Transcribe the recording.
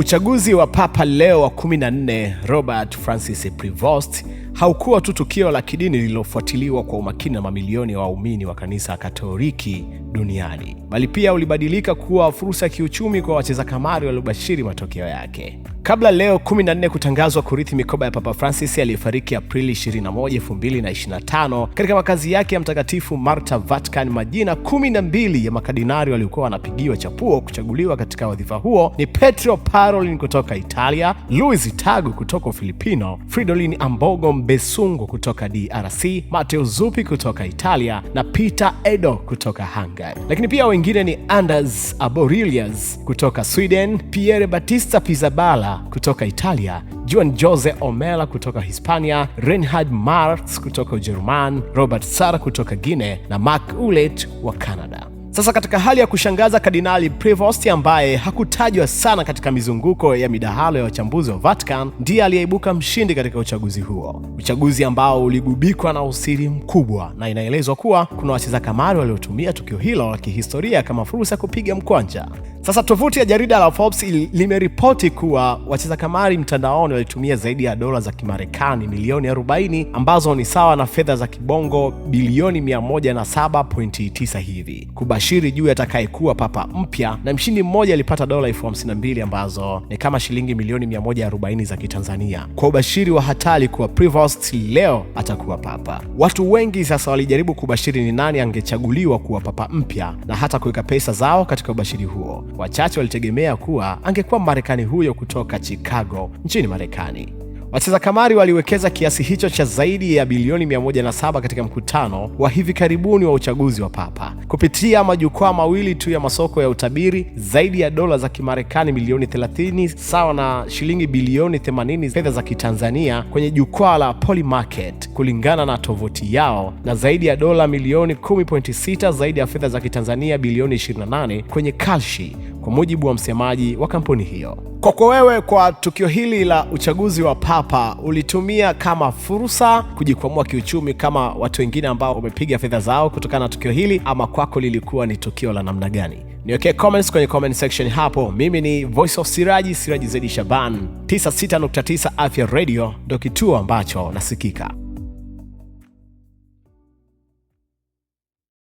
Uchaguzi wa Papa Leo wa 14 Robert Francis Prevost haukuwa tu tukio la kidini lililofuatiliwa kwa umakini na mamilioni ya wa waumini wa kanisa Katoliki duniani, bali pia ulibadilika kuwa fursa ya kiuchumi kwa wacheza kamari waliobashiri matokeo yake. Kabla leo 14 kutangazwa kurithi mikoba ya Papa Francis aliyefariki Aprili 21, 2025 katika makazi yake ya Mtakatifu Marta, Vatican, majina 12 ya makadinari waliokuwa wanapigiwa chapuo kuchaguliwa katika wadhifa huo ni petro Parolin kutoka Italia, Luis tagu kutoka ufilipino Fridolin Ambogo Mbesungu kutoka DRC, mateo zupi kutoka Italia na Peter Edo kutoka Hungary. Portugal. Lakini pia wengine ni Anders aborilias kutoka Sweden, pierre batista pizabala kutoka Italia, Juan Jose Omela kutoka Hispania, Reinhard Marx kutoka Ujerumani, Robert Sara kutoka guine na Mark ulet wa Canada. Sasa katika hali ya kushangaza, Kardinali Prevost ambaye hakutajwa sana katika mizunguko ya midahalo ya wachambuzi wa Vatican ndiye aliyeibuka mshindi katika uchaguzi huo, uchaguzi ambao uligubikwa na usiri mkubwa, na inaelezwa kuwa kuna wacheza kamari waliotumia tukio hilo la kihistoria kama fursa ya kupiga mkwanja. Sasa tovuti ya jarida la Forbes limeripoti kuwa wacheza kamari mtandaoni walitumia zaidi ya dola za Kimarekani milioni 40 ambazo ni sawa na fedha za kibongo bilioni 107.9 hivi kubashiri juu atakayekuwa papa mpya, na mshindi mmoja alipata dola elfu hamsini na mbili ambazo ni kama shilingi milioni 140 za Kitanzania kwa ubashiri wa hatari kuwa Prevost leo atakuwa papa. Watu wengi sasa walijaribu kubashiri ni nani angechaguliwa kuwa papa mpya na hata kuweka pesa zao katika ubashiri huo. Wachache walitegemea kuwa angekuwa Marekani huyo kutoka Chicago nchini Marekani. Wacheza kamari waliwekeza kiasi hicho cha zaidi ya bilioni 107 katika mkutano wa hivi karibuni wa uchaguzi wa Papa kupitia majukwaa mawili tu ya masoko ya utabiri. Zaidi ya dola za Kimarekani milioni 30 sawa na shilingi bilioni 80 fedha za Kitanzania kwenye jukwaa la Polymarket kulingana na tovuti yao, na zaidi ya dola milioni 10.6 zaidi ya fedha za Kitanzania bilioni 28 kwenye Kalshi kwa mujibu wa msemaji wa kampuni hiyo. Kwako wewe, kwa tukio hili la uchaguzi wa papa ulitumia kama fursa kujikwamua kiuchumi kama watu wengine ambao wamepiga fedha zao kutokana na tukio hili, ama kwako lilikuwa ni tukio la namna gani? Niwekee comments kwenye comment section hapo. Mimi ni Voice of Siraji, Siraji Zedi Shaban. 96.9 Afya Radio ndo kituo ambacho nasikika.